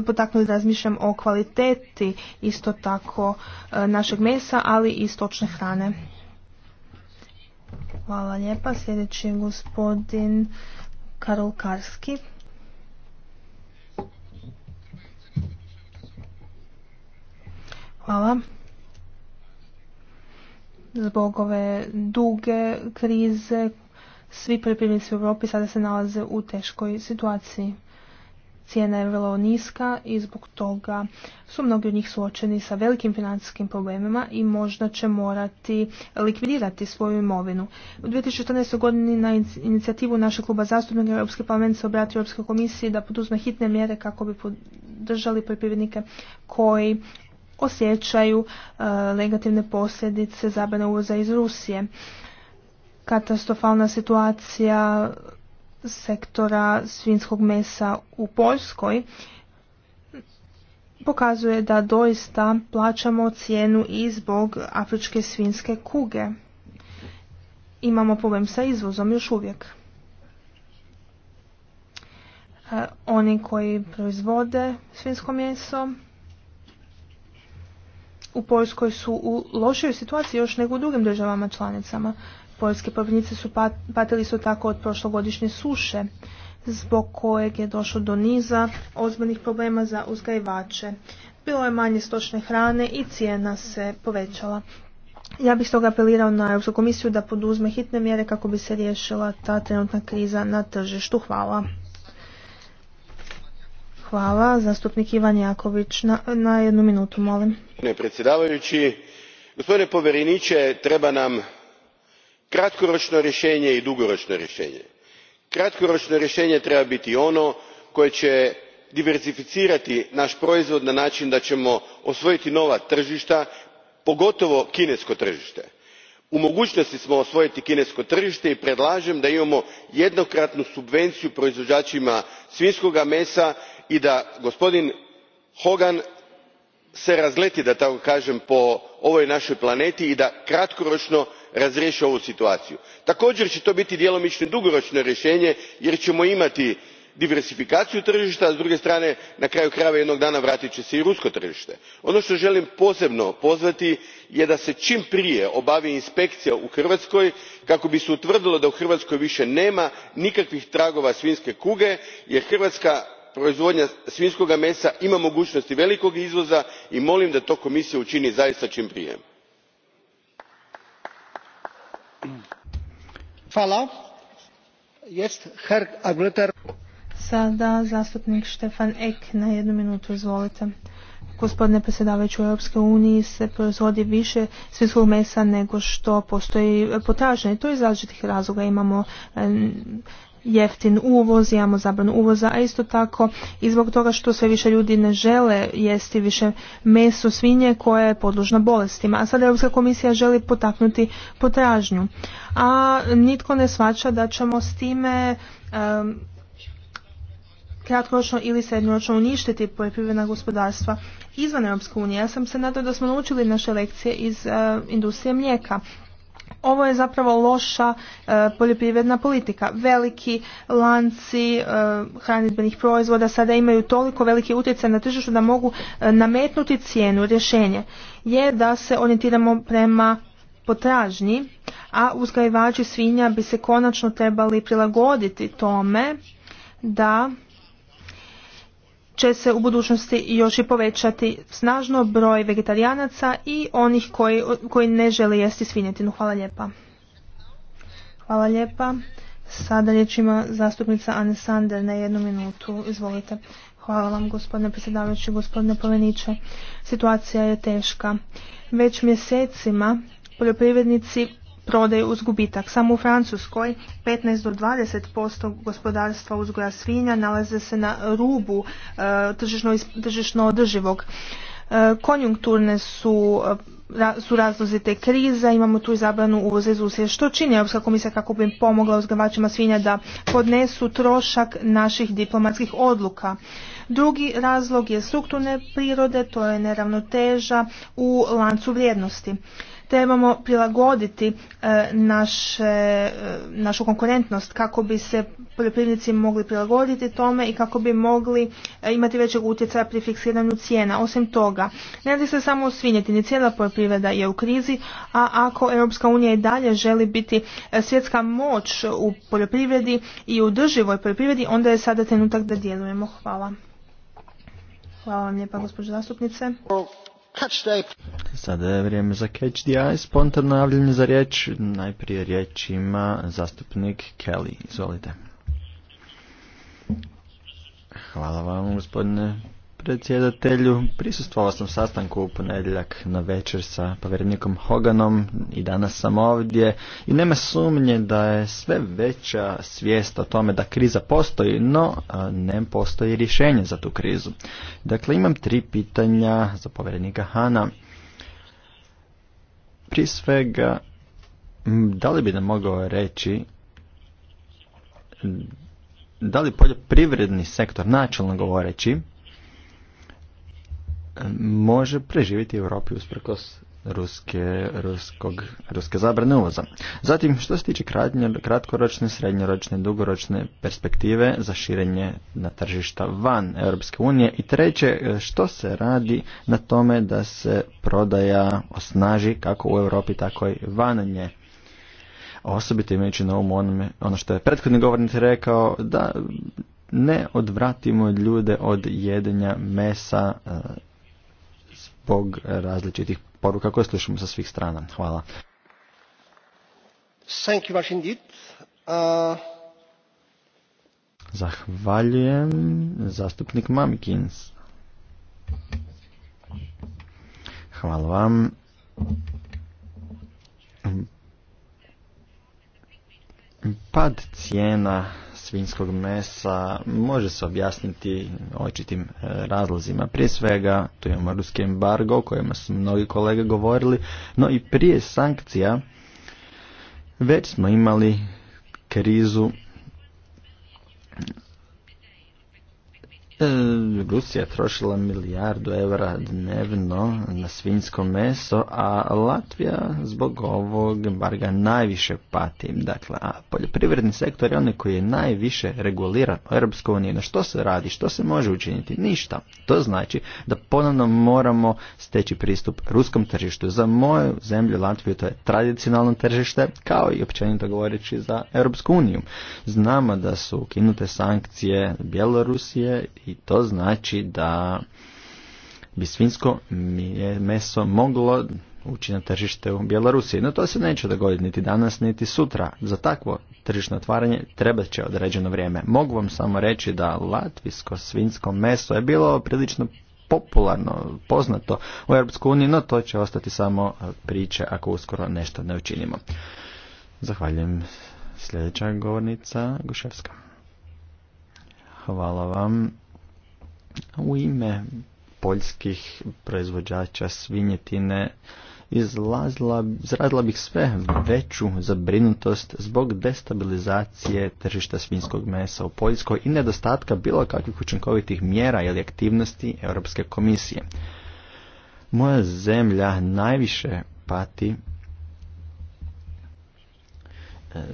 potaknuli da razmišljam o kvaliteti isto tako našeg mesa, ali i stočne hrane. Hvala lijepa. Sljedeći je gospodin Karol Karski. Hvala zbog ove duge krize svi poljoprivrednici u Europi sada se nalaze u teškoj situaciji. Cijena je vrlo niska i zbog toga su mnogi od njih suočeni sa velikim financijskim problemima i možda će morati likvidirati svoju imovinu. U 2014. godini na inicijativu našeg kluba zastupnika Europski parlament se obratio Europskoj komisiji da poduzme hitne mjere kako bi podržali poljoprivrednike koji osjećaju e, negativne posljedice zabrane uvoza iz Rusije. Katastrofalna situacija sektora svinskog mesa u Poljskoj pokazuje da doista plaćamo cijenu i zbog afričke svinske kuge. Imamo problem sa izvozom još uvijek. E, oni koji proizvode svinsko meso u Poljskoj su u lošoj situaciji još nego u drugim državama članicama. Poljske pobjednice su patili su tako od prošlogodišnje suše, zbog kojeg je došlo do niza ozbiljnih problema za uzgajivače. Bilo je manje stočne hrane i cijena se povećala. Ja bih stoga apelirao na Europsku komisiju da poduzme hitne mjere kako bi se riješila ta trenutna kriza na tržištu. Hvala. Hvala. Zastupnik Ivan Jaković na, jednu minutu, molim. Gospodine predsjedavajući, gospodine povjereniče, treba nam kratkoročno rješenje i dugoročno rješenje. Kratkoročno rješenje treba biti ono koje će diversificirati naš proizvod na način da ćemo osvojiti nova tržišta, pogotovo kinesko tržište. U mogućnosti smo osvojiti kinesko tržište i predlažem da imamo jednokratnu subvenciju proizvođačima svinjskoga mesa i da gospodin hogan se razleti da tako kažem po ovoj našoj planeti i da kratkoročno razriješi ovu situaciju. također će to biti djelomično i dugoročno rješenje jer ćemo imati diversifikaciju tržišta a s druge strane na kraju krajeva jednog dana vratit će se i rusko tržište. ono što želim posebno pozvati je da se čim prije obavi inspekcija u hrvatskoj kako bi se utvrdilo da u hrvatskoj više nema nikakvih tragova svinjske kuge jer hrvatska proizvodnja svinjskoga mesa ima mogućnosti velikog izvoza i molim da to komisija učini zaista čim prije. Sada zastupnik Štefan Ek na jednu minutu, Gospodine predsjedavajući u Europskoj uniji se proizvodi više svinjskog mesa nego što postoji potražnja i to iz različitih razloga imamo jeftin uvoz, imamo zabranu uvoza, a isto tako i zbog toga što sve više ljudi ne žele jesti više meso svinje koje je podložno bolestima. A sada Europska komisija želi potaknuti potražnju. A nitko ne svača da ćemo s time kratkoročno ili srednjoročno uništiti poljoprivredna gospodarstva izvan Europske unije. Ja sam se nadao da smo naučili naše lekcije iz industrije mlijeka. Ovo je zapravo loša e, poljoprivredna politika. Veliki lanci e, hranidbenih proizvoda sada imaju toliko veliki utjecaj na tržištu da mogu e, nametnuti cijenu. Rješenje je da se orijentiramo prema potražnji, a uzgajivači svinja bi se konačno trebali prilagoditi tome da će se u budućnosti još i povećati snažno broj vegetarijanaca i onih koji, koji ne žele jesti svinjetinu. Hvala lijepa. Hvala lijepa. Sada riječ ima zastupnica Anne Sander na jednu minutu. Izvolite. Hvala vam gospodine predsjedavajući, gospodine Poveniče. Situacija je teška. Već mjesecima poljoprivrednici prodaju uz gubitak. Samo u Francuskoj 15 do 20% gospodarstva uzgoja svinja nalaze se na rubu e, tržišno, održivog. E, konjunkturne su e, su razlozi te kriza, imamo tu zabranu uvoza iz Rusije. Što čini Europska komisija kako bi pomogla uzgavačima svinja da podnesu trošak naših diplomatskih odluka? Drugi razlog je strukturne prirode, to je neravnoteža u lancu vrijednosti trebamo prilagoditi e, naše, e, našu konkurentnost kako bi se poljoprivrednici mogli prilagoditi tome i kako bi mogli e, imati većeg utjecaja pri fiksiranju cijena. Osim toga, ne radi se samo o svinjetini, cijela poljoprivreda je u krizi, a ako Europska unija i dalje želi biti svjetska moć u poljoprivredi i u drživoj poljoprivredi, onda je sada trenutak da djelujemo. Hvala. Hvala vam lijepa, gospođo zastupnice. Sada je vrijeme za Catch the Eye, spontano javljanje za riječ. Najprije riječ ima zastupnik Kelly. Izvolite. Hvala vam, gospodine predsjedatelju. Prisustvovao sam sastanku u ponedjeljak na večer sa povjerenikom Hoganom i danas sam ovdje i nema sumnje da je sve veća svijest o tome da kriza postoji, no ne postoji rješenje za tu krizu. Dakle, imam tri pitanja za povjerenika Hana. Prije svega, da li bi nam mogao reći da li poljoprivredni sektor, načelno govoreći, može preživjeti Europi usprkos ruske, ruskog, ruske zabrane uvoza. Zatim, što se tiče kratkoročne, srednjoročne, dugoročne perspektive za širenje na tržišta van Europske unije. I treće, što se radi na tome da se prodaja osnaži kako u Europi, tako i van nje. Osobito imajući na umu onome, ono što je prethodni govornik rekao, da ne odvratimo ljude od jedenja mesa, zbog različitih poruka koje slušamo sa svih strana. Hvala. Thank you much indeed. Uh, Zahvaljujem. Zastupnik Mamikins. Hvala vam. Pad cijena svinjskog mesa može se objasniti očitim e, razlozima. Prije svega, tu imamo ruski embargo o kojima su mnogi kolege govorili, no i prije sankcija već smo imali krizu E, Rusija trošila milijardu evra dnevno na svinjsko meso, a Latvija zbog ovog embarga najviše pati. Dakle, a poljoprivredni sektor je onaj koji je najviše reguliran u Europsku Na što se radi, što se može učiniti? Ništa. To znači da ponovno moramo steći pristup ruskom tržištu. Za moju zemlju Latviju to je tradicionalno tržište, kao i općenito govoreći za Europsku uniju. Znamo da su ukinute sankcije Bjelorusije i to znači da bi svinsko meso moglo ući na tržište u Bjelorusiji. No to se neće dogoditi niti danas, niti sutra. Za takvo tržišno otvaranje treba će određeno vrijeme. Mogu vam samo reći da latvijsko svinsko meso je bilo prilično popularno, poznato u EU, no to će ostati samo priče ako uskoro nešto ne učinimo. Zahvaljujem. Sljedeća govornica, Guševska. Hvala vam u ime poljskih proizvođača svinjetine izlazila, izrazila bih sve veću zabrinutost zbog destabilizacije tržišta svinjskog mesa u Poljskoj i nedostatka bilo kakvih učinkovitih mjera ili aktivnosti Europske komisije. Moja zemlja najviše pati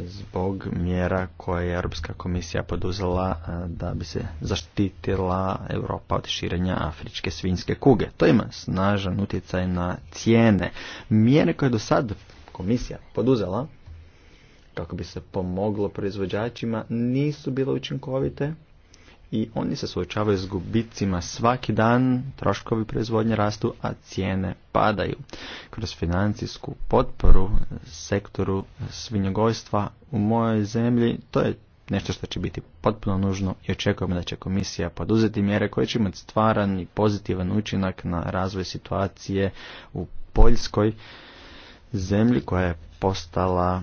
zbog mjera koje je Europska komisija poduzela e, da bi se zaštitila Europa od širenja afričke svinjske kuge. To ima snažan utjecaj na cijene. Mjere koje je do sad komisija poduzela kako bi se pomoglo proizvođačima nisu bile učinkovite i oni se suočavaju s gubicima svaki dan, troškovi proizvodnje rastu, a cijene padaju. Kroz financijsku potporu sektoru svinjogojstva u mojoj zemlji to je nešto što će biti potpuno nužno i očekujemo da će komisija poduzeti mjere koje će imati stvaran i pozitivan učinak na razvoj situacije u Poljskoj zemlji koja je postala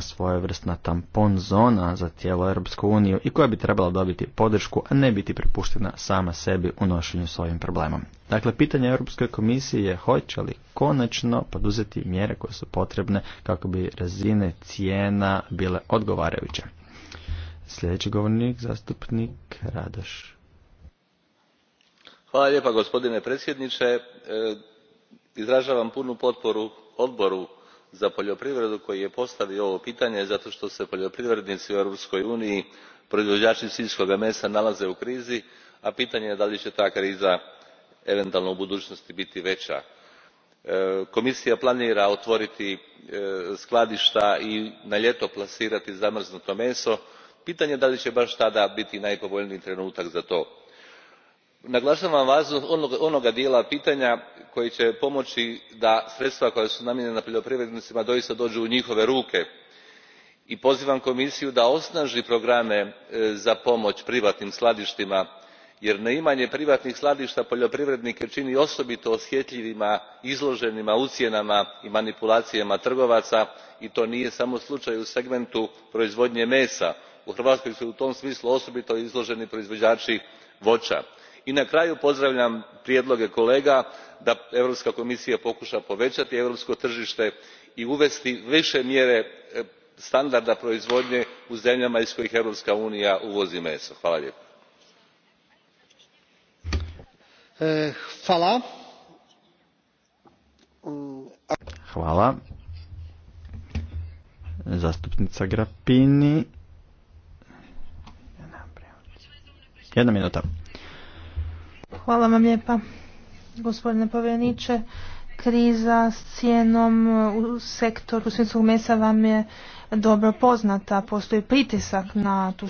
svojevrsna tampon zona za tijelo Europsku uniju i koja bi trebala dobiti podršku, a ne biti prepuštena sama sebi u nošenju s ovim problemom. Dakle, pitanje Europske komisije je hoće li konačno poduzeti mjere koje su potrebne kako bi razine cijena bile odgovarajuće. Sljedeći govornik, zastupnik Radoš. Hvala lijepa gospodine predsjedniče. E, izražavam punu potporu odboru za poljoprivredu koji je postavio ovo pitanje zato što se poljoprivrednici u europskoj uniji proizvođači svinjskoga mesa nalaze u krizi a pitanje je da li će ta kriza eventualno u budućnosti biti veća. E, komisija planira otvoriti e, skladišta i na ljeto plasirati zamrznuto meso. pitanje je da li će baš tada biti najpovoljniji trenutak za to naglašavam važnost onoga dijela pitanja koji će pomoći da sredstva koja su namijenjena poljoprivrednicima doista dođu u njihove ruke i pozivam komisiju da osnaži programe e, za pomoć privatnim skladištima jer neimanje privatnih skladišta poljoprivrednike čini osobito osjetljivima izloženima ucjenama i manipulacijama trgovaca i to nije samo slučaj u segmentu proizvodnje mesa. u hrvatskoj su u tom smislu osobito izloženi proizvođači voća i na kraju pozdravljam prijedloge kolega da europska komisija pokuša povećati europsko tržište i uvesti više mjere e, standarda proizvodnje u zemljama iz kojih europska unija uvozi meso. Hvala. Hvala vam lijepa, gospodine povjereniče. Kriza s cijenom u sektoru svinskog mesa vam je dobro poznata. Postoji pritisak na tu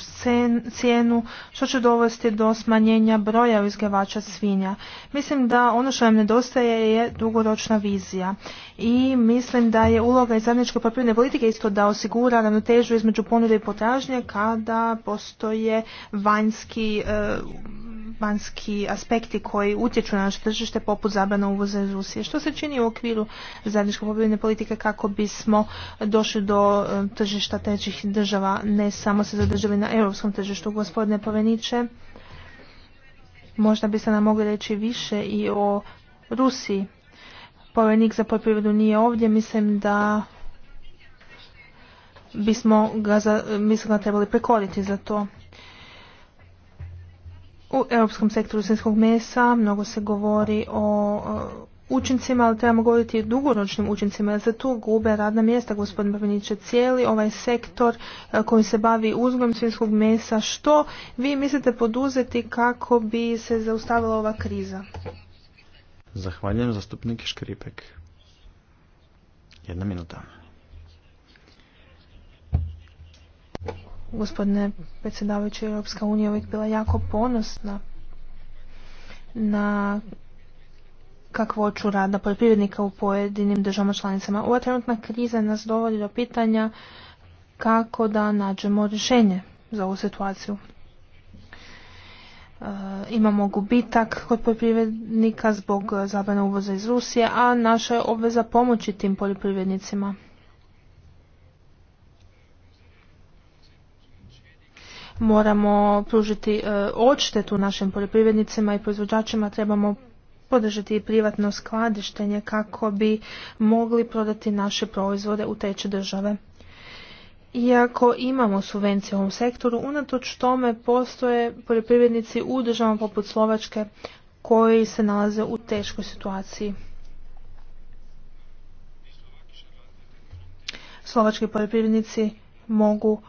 cijenu što će dovesti do smanjenja broja izgavača svinja. Mislim da ono što vam nedostaje je dugoročna vizija i mislim da je uloga iz zajedničke poljoprivredne politike isto da osigura ravnotežu između ponude i potražnje kada postoje vanjski e, vanjski aspekti koji utječu na naše tržište poput zabrana uvoza iz Rusije. Što se čini u okviru zajedničke pobjedne politike kako bismo došli do e, tržišta trećih država, ne samo se zadržali na europskom tržištu, gospodine Poveniće? Možda biste nam mogli reći više i o Rusiji. Povenik za poljoprivredu nije ovdje, mislim da bismo ga, mislim ga trebali prekoriti za to. U europskom sektoru svjetskog mesa mnogo se govori o učincima, ali trebamo govoriti i dugoročnim učincima, jer se tu gube radna mjesta, gospodin Brviniće, cijeli ovaj sektor e, koji se bavi uzgojem svjetskog mesa. Što vi mislite poduzeti kako bi se zaustavila ova kriza? Zahvaljujem zastupnik Škripek. Jedna minuta. Gospodine predsjedavajući, Europska unija uvijek bila jako ponosna na kakvoću rada poljoprivrednika u pojedinim državama članicama. Ova trenutna kriza nas dovodi do pitanja kako da nađemo rješenje za ovu situaciju. E, imamo gubitak kod poljoprivrednika zbog zabrane uvoza iz Rusije, a naša je obveza pomoći tim poljoprivrednicima. moramo pružiti e, odštetu našim poljoprivrednicima i proizvođačima, trebamo podržati i privatno skladištenje kako bi mogli prodati naše proizvode u treće države. Iako imamo subvencije u ovom sektoru, unatoč tome postoje poljoprivrednici u državama poput Slovačke koji se nalaze u teškoj situaciji. Slovački poljoprivrednici mogu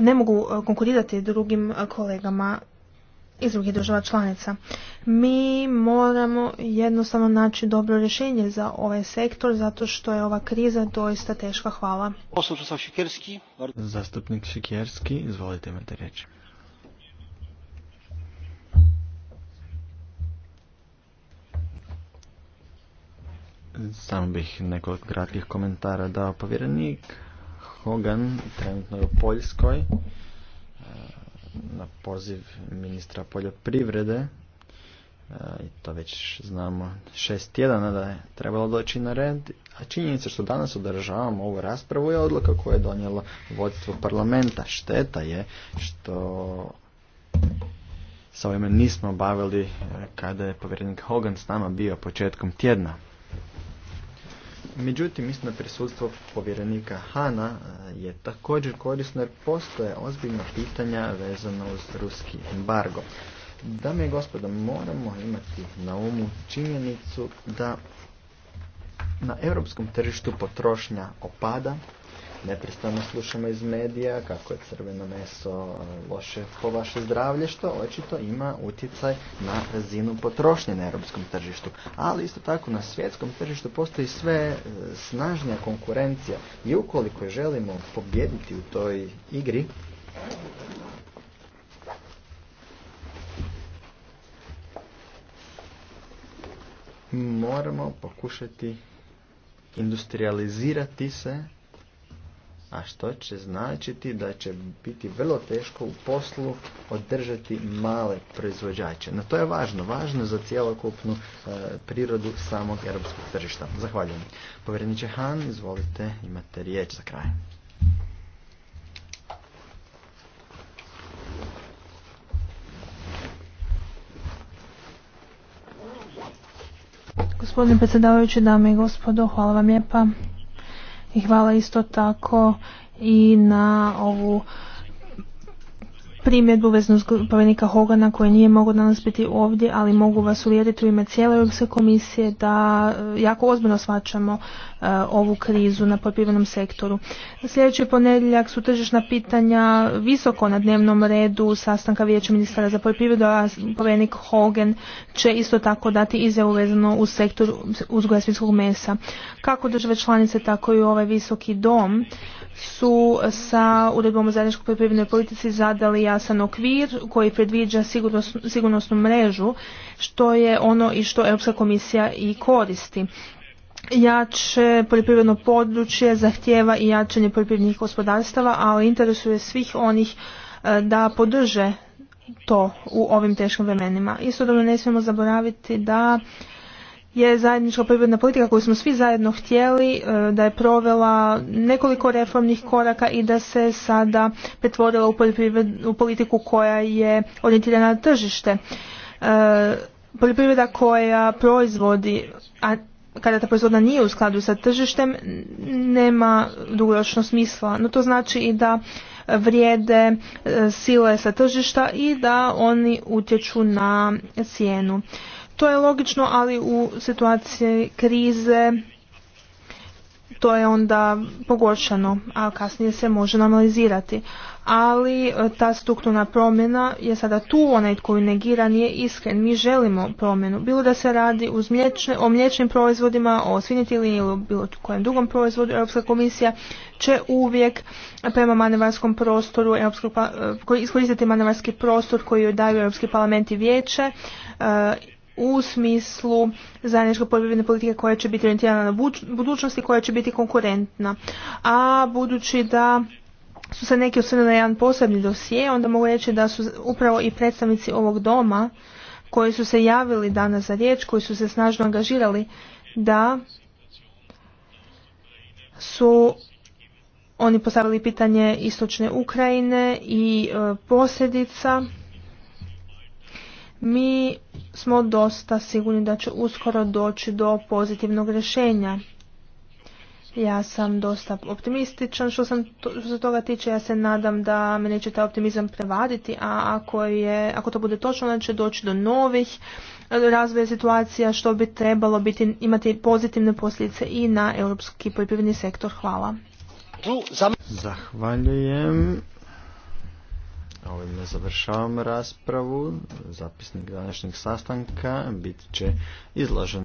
ne mogu e, konkurirati drugim e, kolegama iz drugih država članica. Mi moramo jednostavno naći dobro rješenje za ovaj sektor zato što je ova kriza doista teška. Hvala. Zastupnik Šikjerski, izvolite imate riječ. Samo bih nekoliko kratkih komentara dao povjerenik Hogan, trenutno je u Poljskoj, e, na poziv ministra poljoprivrede. E, I to već znamo šest tjedana da je trebalo doći na red. A činjenica što danas održavamo ovu raspravu je odluka koja je donijela vodstvo parlamenta. Šteta je što sa ovime nismo bavili e, kada je povjerenik Hogan s nama bio početkom tjedna. Međutim, mislim da prisustvo povjerenika Hana e, je također korisno jer postoje ozbiljna pitanja vezana uz ruski embargo. Dame i gospodo, moramo imati na umu činjenicu da na europskom tržištu potrošnja opada, neprestano slušamo iz medija kako je crveno meso e, loše po vaše zdravlje, što očito ima utjecaj na razinu potrošnje na europskom tržištu. Ali isto tako na svjetskom tržištu postoji sve e, snažnija konkurencija i ukoliko želimo pobjediti u toj igri, moramo pokušati industrializirati se a što će značiti da će biti vrlo teško u poslu održati male proizvođače. Na to je važno, važno za cijelokupnu e, prirodu samog europskog tržišta. Zahvaljujem. Povjereniče Han, izvolite, imate riječ za kraj. Gospodine predsjedavajući, dame i gospodo, hvala vam lijepa i hvala isto tako i na ovu primjedbu veznu spomenika Hogana koji nije mogu danas biti ovdje, ali mogu vas uvjeriti u ime cijele Europske komisije da e, jako ozbiljno shvaćamo E, ovu krizu na poljoprivrednom sektoru. Sljedeći ponedjeljak su tržišna pitanja visoko na dnevnom redu sastanka vijeća ministara za poljoprivredu, a povjerenik Hogan će isto tako dati izjavu vezano u sektor uzgoja svjetskog mesa. Kako države članice, tako i ovaj visoki dom su sa uredbom o zajedničkoj poljoprivrednoj politici zadali jasan okvir koji predviđa sigurnosnu mrežu, što je ono i što Europska komisija i koristi. Jače poljoprivredno područje zahtjeva i jačanje poljoprivrednih gospodarstava, a u interesu je svih onih e, da podrže to u ovim teškim vremenima. dobro, ne smijemo zaboraviti da je zajednička poljoprivredna politika koju smo svi zajedno htjeli, e, da je provela nekoliko reformnih koraka i da se sada pretvorila u, politiku koja je orijentirana na tržište. E, poljoprivreda koja proizvodi kada ta proizvodna nije u skladu sa tržištem, nema dugoročno smisla. No to znači i da vrijede e, sile sa tržišta i da oni utječu na cijenu. To je logično, ali u situaciji krize to je onda pogoršano, a kasnije se može normalizirati ali e, ta strukturna promjena je sada tu, onaj tko negira nije iskren. Mi želimo promjenu, bilo da se radi o mliječnim proizvodima, o svinitili ili bilo kojem drugom proizvodu, Europska komisija će uvijek prema manevarskom prostoru, pa, e, koji iskoristiti manevarski prostor koji joj daju Europski parlament i vijeće, e, u smislu zajedničke poljoprivredne politike koja će biti orijentirana na budućnosti, koja će biti konkurentna. A budući da su se neki osvrnuli na jedan posebni dosije, onda mogu reći da su upravo i predstavnici ovog doma koji su se javili danas za riječ, koji su se snažno angažirali da su oni postavili pitanje istočne Ukrajine i e, posljedica. Mi smo dosta sigurni da će uskoro doći do pozitivnog rješenja. Ja sam dosta optimističan što, sam što se toga tiče. Ja se nadam da me neće taj optimizam prevaditi, a ako, je, ako to bude točno, onda će doći do novih e, razvoja situacija što bi trebalo biti, imati pozitivne posljedice i na europski poljoprivredni sektor. Hvala. Zahvaljujem. Ovime završavam raspravu. Zapisnik današnjeg sastanka bit će izložen.